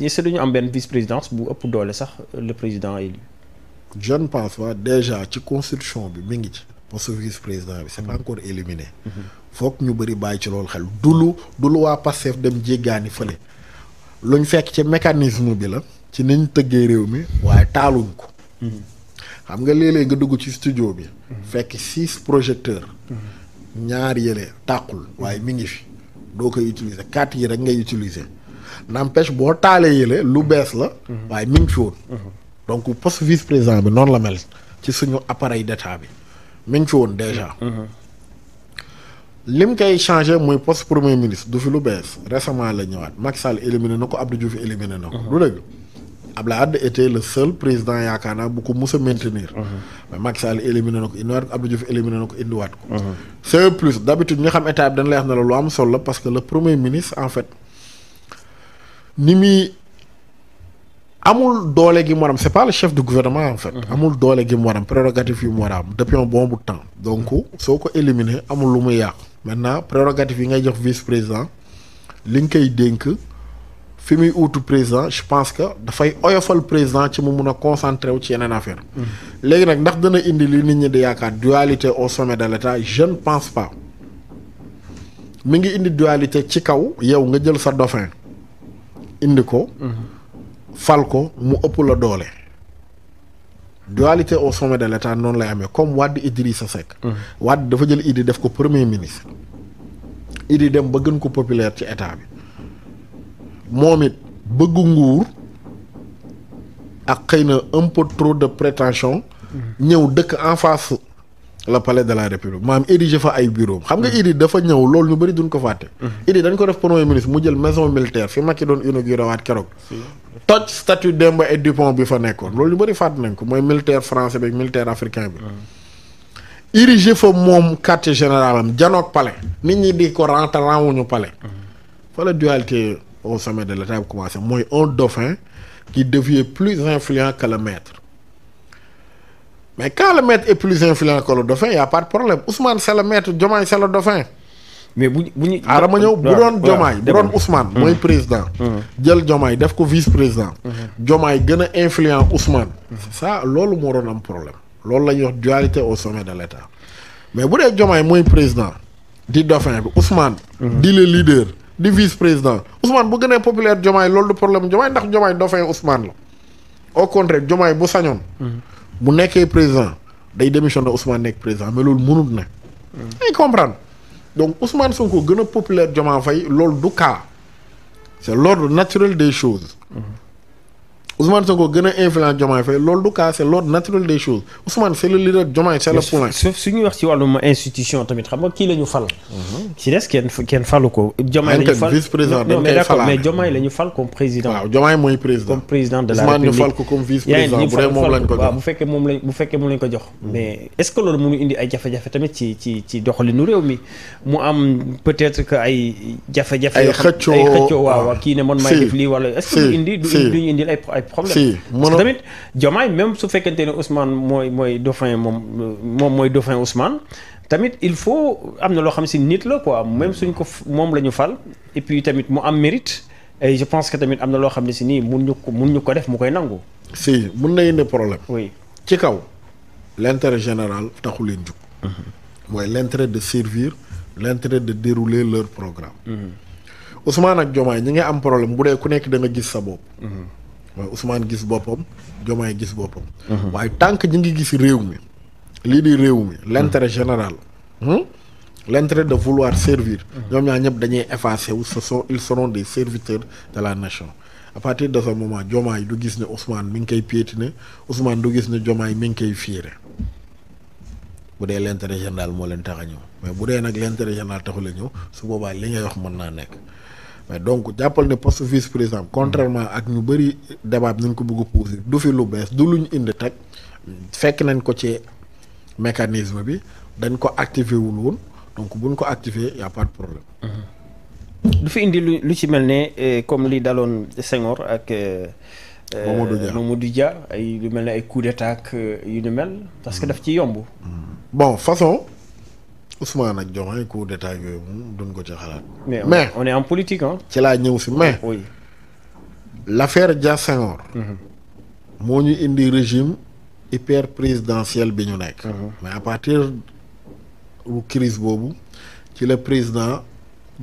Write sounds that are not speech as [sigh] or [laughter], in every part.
est-ce que ñu am benn vice-présidence bu ëpp doole sax le président élu je ne pense pas déjà ci constitution bi mi ngi ci parce que vice-président bi c'est pas mhm. encore éliminé mhm. foog ñu bëri bàyyi ci loolu xel dulu dulu waa Pastef dem jéggaani fële ñu fekk ci mécanisme bi la ci niñ tëggee réew mi waaye taaluñ ko mhm. xam nga léeg-léeg nga dugg ci studio bi fekk six projecteurs ñaar yële tàqul waaye mi ngi fi doo koy utiliser quatre yi rek ngay utiliser n'empêche boo taalee yële lu bees la. waaye mi ngi fi woon. donc poste vice président bi noonu la mel ci suñu appareil d'état bi mi ngi fi woon déjà. lim koy changé mooy poste premier ministre du fi lu bees récemment la ñëwaat Macky Sall éliminé na ko Abdou Diouf éliminé na ko. Mhm. du président yaakaar naa bu ko mus a maintenir. Mhm. mais Macky éliminé na ko indiwaat ko Abdou Diouf éliminé na ko indiwaat ko. Mhm. c'est plus d'habitude ñu xam état bi dañ lay wax la lu am solo la parce que le premier ministre ni muy amul doole gi mu war am c'est pas le chef du gouvernement en fait. Mhm. amul doole gi mu war am prérogative yu mu war am depuis bon bout temps. donc soo ko éliminer amul lu muy yàq. maintenant prérogative yi ngay jox vice président li nga koy dénk fi muy uutu président je pense que dafay oyofal président ci mu mun a concentré wu ci yeneen affaire mhm. léegi nag ndax dana indi li nit ñi di yaakaar dualité au sommet de l'État je ne pense mi ngi indi dualité ci kaw yow nga jël sa dauphin. indi ko. fal ko mu ëpp la doole. dualité au sommet de l' noonu lay amee comme Wade Idrissa Seck. Wade dafa jël Idi def ko premier ministre. Idi dem ba gën ko populaire ci état bi. moom it bëggu nguur ak xëy na un peu trop de prétention. Mm-hmm. ñëw dëkk en face le palais de la république maam érigé fa ay bureau xam nga mm-hmm. idi dafa ñëw loolu ñu bëri duñ ko fàtte mm-hmm. idi dañ ko def premier ministre mu jël maison militaire fi Macky doon inauguré waat keroog toj statue bi fa nekkoon loolu ñu bëri fàtte nañ ko mooy militaire français bi militaire africain bi érigé mm-hmm. fa moom quartier général am janoog palais nit ñi di ko rente renwuñu pale fa la dualité au sommet de l'état bi commencé mooy un dauphin qui devient plus influent que le mais quand le maître est plus influent que le dauphin y' a pas de problème Ousmane c' est le maître Diomaye c' est le dauphin. mais bu bu ñu. dama ah, ñëw bu doon Diomaye bu doon Ousmane. Hmm. mooy président. Hmm. jël Diomaye def ko vice président. Hmm. Diomaye gën a influent Ousmane. ça loolu moo doon am problème. loolu la ñuy wax dualité au sommet de l' état mais bu dee Diomaye mooy président di dauphin bi Ousmane. di le leader di vice président Ousmane bu gënee populaire Diomaye loolu du problème Diomaye ndax Diomaye dauphin Ousmane la au contraire Diomaye bu sañoon. bu nekkee président day démissionné Ousmane nekk président mais loolu mënut na. Hmm. ay comprendre donc Ousmane ko gën a populaire Diomaye fay loolu du cas c'est l'ordre naturel des choses. Hmm. Ousmane Sonko gën a influence Diomaye Faye loolu du cas c'est l'ordre naturel des choses Ousmane c'est le wax ci wàllum institution tamit xam nga kii la fal. Mhm. ci des kenn falu ko. Diomaye la mooy président de la République Ousmane bu fekkee moom lañ ko jox. Mhm. mais est-ce que loolu indi ay jafe-jafe tamit ci ci ci doxalinu réew mi mu am peut-être que ay jafe-jafe. ay xëccoo waaw kii ne man maay def lii wala est-ce que du indi du ñu indil ay problème. si parce que tamit Diomaye même su fekkente ne Ousmane mooy mooy dauphin moom moom mooy dauphin Ousmane. tamit il faut am na loo xam si nit la ko am même suñ ko moom la ñu fal et puis tamit mu am mérite. et je pense que tamit am na loo xam ne si nii mun ñu ko mun ñu ko def mu koy nangu. si mun na indi problème. oui ci kaw. l' intérêt général taxu leen jug. Mhm. mooy l' intérêt de servir l' intérêt de dérouler leur programme. Mhm. Ousmane ak Diomaye ñi nga am problème bu dee ku nekk da nga gis sa bopp. Mhm. mooy Ousmane gis boppam Diomaye gis boppam. Mhm. waaye tant que ñu ngi gis réew mi lii di réew mi mhm. l' général. Hmm? l' de vouloir servir. Mhm. ñoom ñaar ñëpp dañuy effacé wu ce sont ils seront des serviteurs de la nation. à de ce moment Diomaye du gis ne Ousmane mi ngi koy piétiner Ousmane du gis ne Diomaye mi ngi koy fiire bu dee l' intérêt général moo leen tax a ñëw mais bu dee nag l' intérêt général taxul ñëw su boobaa li ngay wax mën naa nekk. mais donc jàppal ne poste vice président contrairement ak ñu bëri débat bi nañ ko bëgg a poussé du fi lu bees du luñ indi teg fekk nañ ko ci mécanisme bi dañ ko activé wul woon donc buñ ko activer y a pas de problème. du fi indi lu lu ci mel ne euh, comme li daloon Senghor ak. Euh, euh, Mamadou mu Mamadou Dia ay lu mel ne ay coup d'état yu ni mel. parce que mm. daf ci yomb. Mm. bon façon. Ousmane ak Diomaye coup d'état yooyu moom duñ ko ci xalaat. mais on est en ci laa ñëw si mais. oui l'affaire Dia Senghor. Mm-hmm. moo ñu indi régime hyper présidentiel bi ñu nekk. Mm-hmm. mais à partir wu crise boobu ci la président.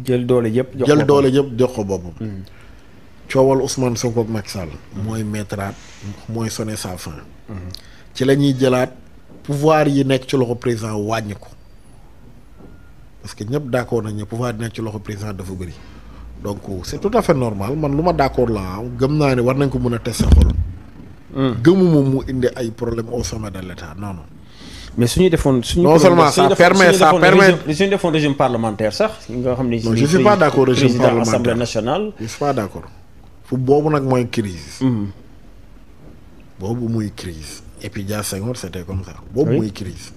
jël doole yëpp jël doole yëpp jox ko boppam. Mm-hmm. coowal Ousmane Sonko ak Macky mooy mettraat mooy sonner sa fin. ci la jëlaat pouvoir yi nekk ci loxo président wàññi ko. parce que ñëpp d'accord nañ ne pouvoir di ci loxo président dafa bëri donc c'est tout à fait normal man lu ma d'accord laa gëm naa ne war nañ ko mën a test sa xol hmm. gëmu mu indi ay problème au sommet de l'État non non mais su ñu defoon su ñu non seulement ça permet ça permet su ñu defoon régime parlementaire sax nga xam ne. boobu nag mooy crise hmm. boobu muy crise et puis Dia Senghor c'était comme ça boobu muy crise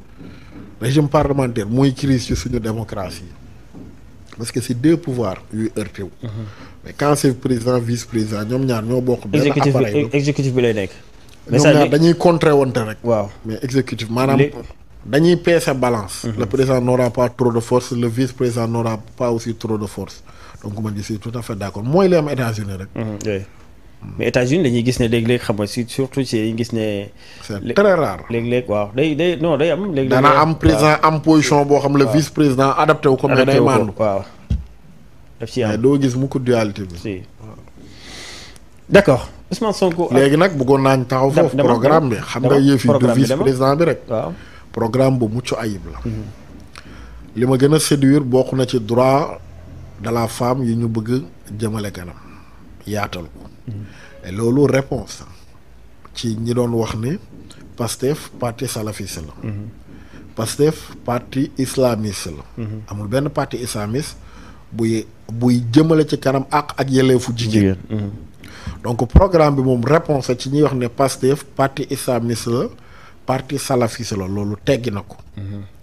régime parlementaire mooy crise ci suñu démocratie parce que c'est deux pouvoirs yuy heurté wu. Mhm. mais quand c'est président vice président ñoom ñaar ñoo bokk. benn appareil exécutif bi lay nekk. ñoom ñaar dañuy contrer wante rek. waaw mais exécutif maanaam. dañuy peese balance. Mhm. le président n'aura pas trop de force le vice président n'aura pas aussi trop de force donc mooy li am États-Unis rek. Mhm, mais États-Unis dañuy gis ne léeg-léeg xam nga si surtout si dañuy gis ne. c'est très léeg-léeg waaw day day non day am. léeg-léeg daanaka am président am position boo xam ne vice président adapté wu ko. mais day maandu waaw. doo gis mukk dualité bi. si d'accord Ousmane léegi nag bëggoon naa ñu taxaw foofu programme bi xam nga yëf yi du vice président bi rek. waaw programme bu mucc ayib la. Mhm. li ma gën a séduire bokk na ci droit de la femme yi ñu bëgg jëmale kanam yaatal loolu réponse ci ñi doon wax ne Pastef parti salafiste la mhm. Pastef parti islamiste la mhm. amul benn parti islamiste buy buy jëmale ci kanam àq ak yelleefu jigéen mhm. donc programme bi moom réponse ci ñuy wax ne Pastef parti islamiste la parti salafiste la loolu teggi na ko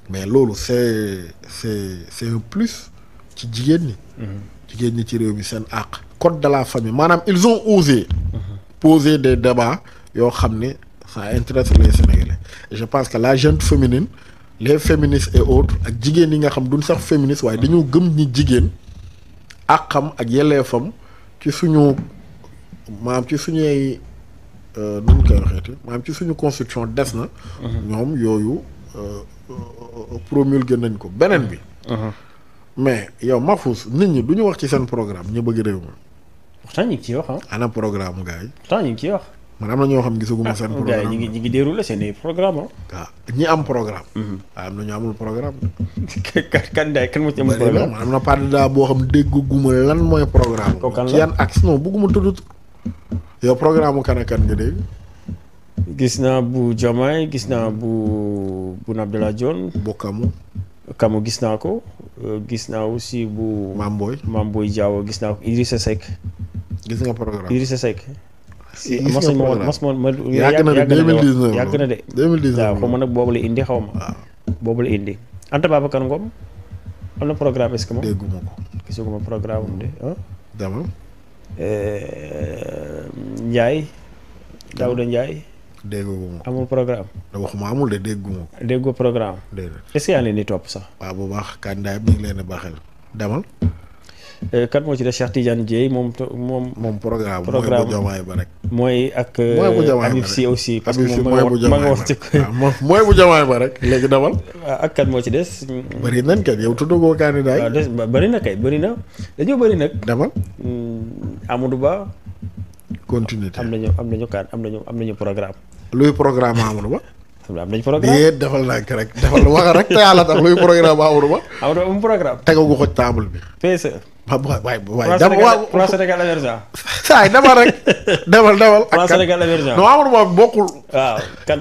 mais loolu c'est c'est c'est un plus ci jigéen ñi jigéen ñi ci réew mi seen àq code de la famille maanaam ils ont osé poser des débats yoo xam ne ça intéresse les Sénégalais je pense que la gente féminine les féministes et autres ak jigéen yi nga xam duñ sax féministe waaye dañoo gëm ni jigéen ak xam ak yelleefam ci suñu maam ci suñuy euh, nu ñu koy maam ci suñu constitution des na ñoom yooyu euh, euh, promulgué nañ ko beneen bi mais yow Mahfouz nit ñi du ñu wax ci seen programme ñu bëgg réew mi pourtant ñu ngi ciy wax ah. yi. pourtant ñu ngi ciy wax. man am na ñoo xam gisaguma seen. Ah, programme gars yi ñu ngi ñu ngi déroulé seen programme ah, am programme. waaw mhm. ah, na ñu amul programme. [laughs] kan daay programme am na candidat boo xam dégguma lan mooy programme. kooku kan ci yan axe non bëgguma tudd. yow programme kan ak kan nga gis naa bu Diomaye gis naa bu Boun Abdallah Dionne. Kamu. Kamu gis naa ko. Euh, gis naa aussi bu. mambooy Mamboy Diawo gis naa ko Idrissa Seck. gis nga programme Idrissa Seck. si gis nga programme ma ma yàgg na de yàgg na de waaw xaw ma nag boobu la indi xaw ma. waaw ah. indi. Anta Babacar Ngom am na programme est-ce que moom. dégguma ko gisuma programme am de ah. dama. Euh, Ndiaye. Daouda Ndiaye. dégguma amul programme. waxuma amul ko. déggoo programme. déedéet est yaa leen di topp sax. waaw bu baax kandidaay bi ñu ngi leen a demal. Euh, kan moo ci def Cheikh Tidiane Dieye moom moom. moom programme mooy bu mooy ak. mooy bu jamaay euh, aussi. parce wax ci. Ah, mooy bu jamaay ba rek léegi demal. ak kan moo ci des. bari nañ kat yow tudd ko candidat yi. des bëri na kay bëri na dañoo bari nag. demal hmm, Amadou Ba. continuité am nañu am nañu kan am na nañu am nañu programme. luy programme Amadou Ba. am nañ programme déet defal naa ko rek defal wax rek te yàlla tax luy programme Ba. Amadou Ba mu programme. tegagu ko table Ba bokkul. waaw kan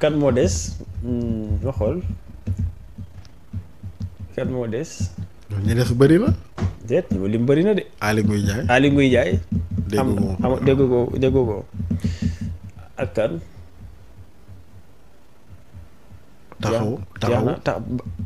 kan moo. des. ma xool kan moo des. ñu hmm, def bëri na. bëri na de. Aly Ngouille Ndiaye. Aly Ngouille Ndiaye. dégg dégg ko dégg ko ak kan. taxaw taxaw tax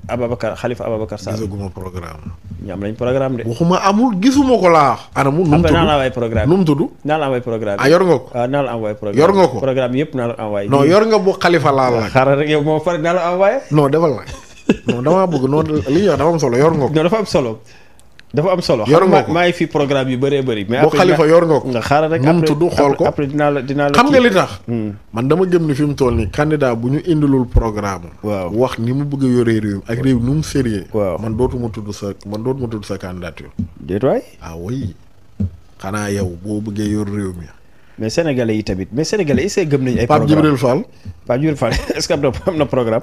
Ababacar Khalifa Ababacar Sall. gisaguma programme. ñu am nañ programme de. waxuma amul gisuma ko laa. anamu nu mu tudd am naa la envoyé programme nu mu tudd. naa la envoyé programme ah yor nga ko. waaw ah, naa la envoyé programme yor nga ko programme yëpp naa la envoyé. non yor nga bu Khalifa laa la. xaaral rek yow moom pare naa la envoyé. non defal na non damaa bëgg noonu li ñuy dafa am solo yor nga ko. non dafa am solo. dafa am solo yor nga maa ngi fi programme yu bëree bëri. mais xalifa yor nga ko nga xaaral rek. moom tudd xool ko après dinaa la dinaa la. nga li tax. Hmm. man dama gëm ni fi mu toll nii candidat bu ñu indilul programme. waaw wax ni mu bëgg a yoree réew ak réew nu mu sérieux. waaw man dootuma tudd sa man dootuma tudd sa candidature. déet waay ah oui xanaa yow boo bëggee yor réew mi. mais sénégalais yi tamit mais sénégalais est-ce que gëm nañu ay. programme Pape Djibril Fall. Pape Djibril Fall [laughs] na programme.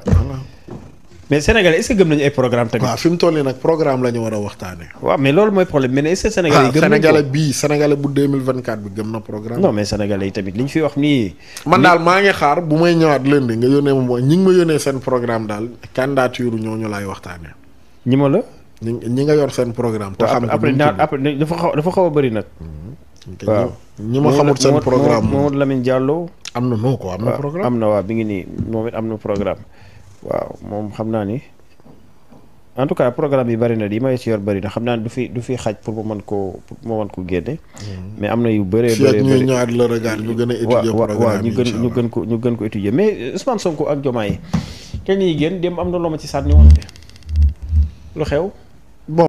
mais Sénégal est ce que gëm nañu ay programme tamit. waaw fi mu toll nii nag programme la war a waxtaanee. waaw mais loolu mooy problème mais ne est ce ah, gëm nañu ko na programme. non mais Sénégal tamit fi wax nii. man daal maa ngi xaar bu may ñëwaat lundi nga yónnee ma mooy ñi nga ma yónnee seen programme daal candidature ñooñu laay waxtaanee. ñi ma la. ñi ñi nga yor seen programme. te xam après après dafa dafa xaw a bëri nag. Mm-hmm. waaw ñi ma xamul seen programme Mamadou Lamine Diallo. am na non quoi am am na waaw ngi nii moom am na programme waaw moom xam naa ni en tout cas programme yi bari na di may ci yor xam naa du fi du fi xaj pour mu man koo pour mu ko génne. Mm-hmm. mais am na yu bëree bëree bëri ñaar la regard ñu gën ñu gën ñu gën ko ñu gën ko étudier mais euh, Ousmane ko ak Diomaye yi. te yi génn dem am na loo ma ci sànni woon lu xew.